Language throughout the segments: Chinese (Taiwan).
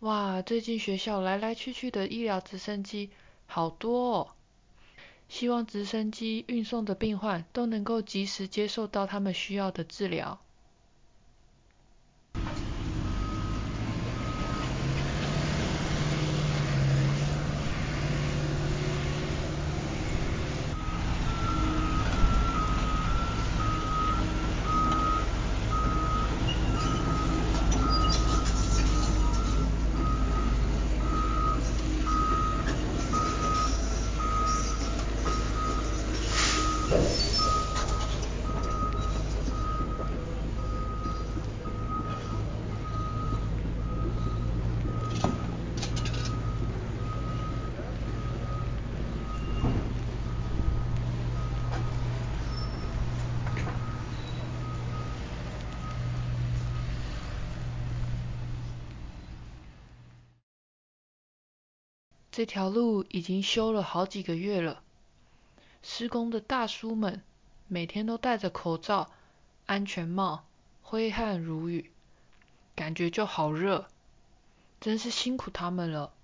哇，最近學校來來去去的醫療直升機好多哦，希望直升機運送的病患都能夠及時接受到他們需要的治療。這條路已經修了好幾個月了，施工的大叔們每天都戴着口罩、安全帽，揮汗如雨，感覺就好熱，真是辛苦他們了。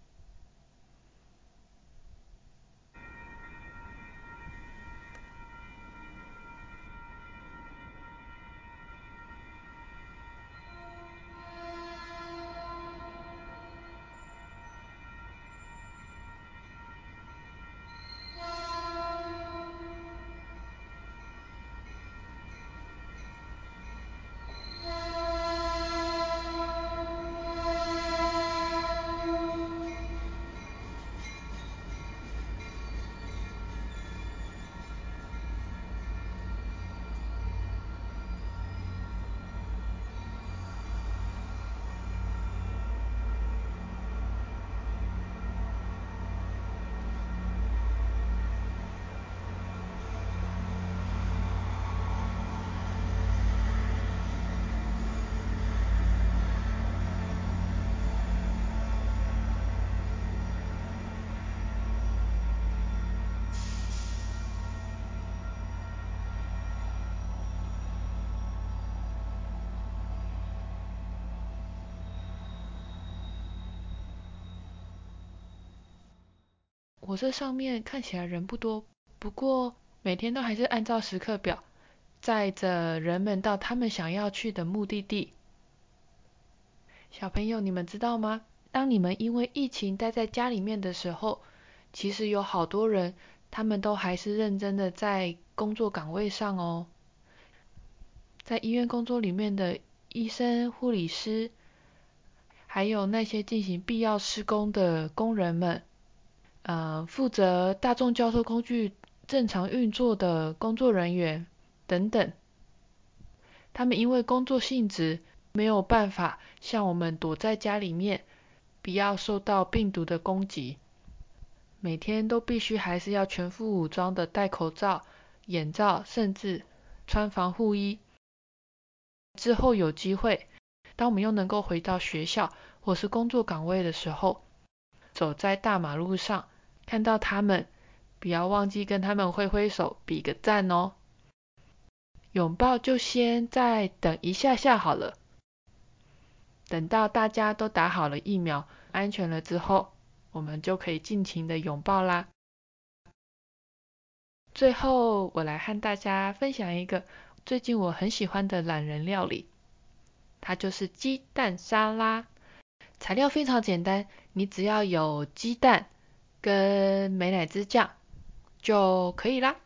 火車上面看起來人不多，不過每天都還是按照時刻表載着人們到他們想要去的目的地。小朋友，你們知道嗎？當你們因為疫情待在家裡面的時候，其實有好多人他們都還是認真的在工作崗位上哦。在醫院工作裡面的醫生、護理師，還有那些進行必要施工的工人們。呃、嗯，負責大眾交通工具正常運作的工作人員等等，他們因為工作性質沒有辦法像我們躲在家裡面，不要受到病毒的攻擊，每天都必須還是要全副武裝的戴口罩、眼罩，甚至穿防護衣。之後有機會，當我們又能夠回到學校或是工作崗位的時候，走在大馬路上。看到他們，不要忘記跟他們揮揮手、比個讚哦。擁抱就先再等一下下好了，等到大家都打好了疫苗、安全了之後，我們就可以盡情的擁抱啦。最後，我來和大家分享一個最近我很喜歡的懶人料理，它就是雞蛋沙拉。材料非常簡單，你只要有雞蛋。跟美乃滋醬就可以啦。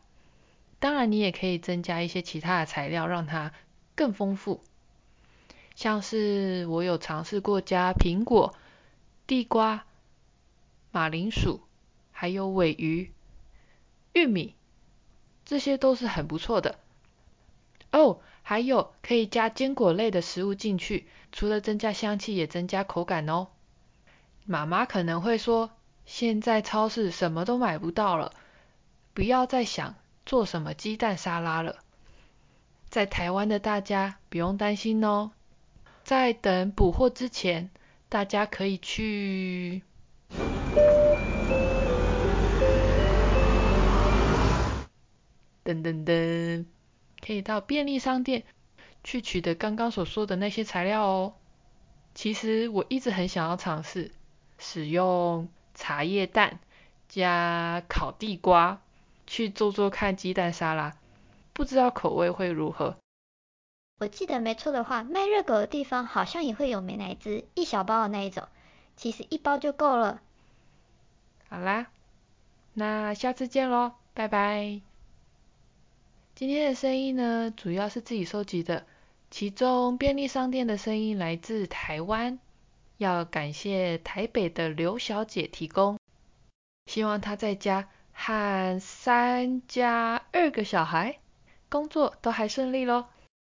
當然，你也可以增加一些其他的材料，讓它更豐富。像是我有嘗試過加蘋果、地瓜、馬鈴薯，還有鮪魚、玉米，這些都是很不錯的哦。還有可以加堅果類的食物進去，除了增加香氣，也增加口感哦。媽媽可能會說。現在超市什麼都買不到了，不要再想做什麼雞蛋沙拉了。在台灣的大家不用擔心哦。在等補貨之前，大家可以去，噔噔噔，可以到便利商店去取得剛剛所說的那些材料哦。其實我一直很想要嘗試使用。茶葉蛋加烤地瓜，去做做看雞蛋沙拉，不知道口味會如何。我記得沒錯的話，賣熱狗的地方好像也會有美乃滋，一小包的那一種，其實一包就夠了。好啦，那下次見嘍，拜拜。今天的聲音呢，主要是自己收集的，其中便利商店的聲音來自台灣。要感謝台北的劉小姐提供，希望她在家和三加二個小孩，工作都還順利嘍。